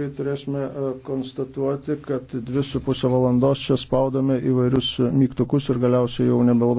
kai turėsime e, konstatuoti, kad dvi su pusę valandos čia spaudome įvairius mygtukus ir galiausiai jau nebelabai.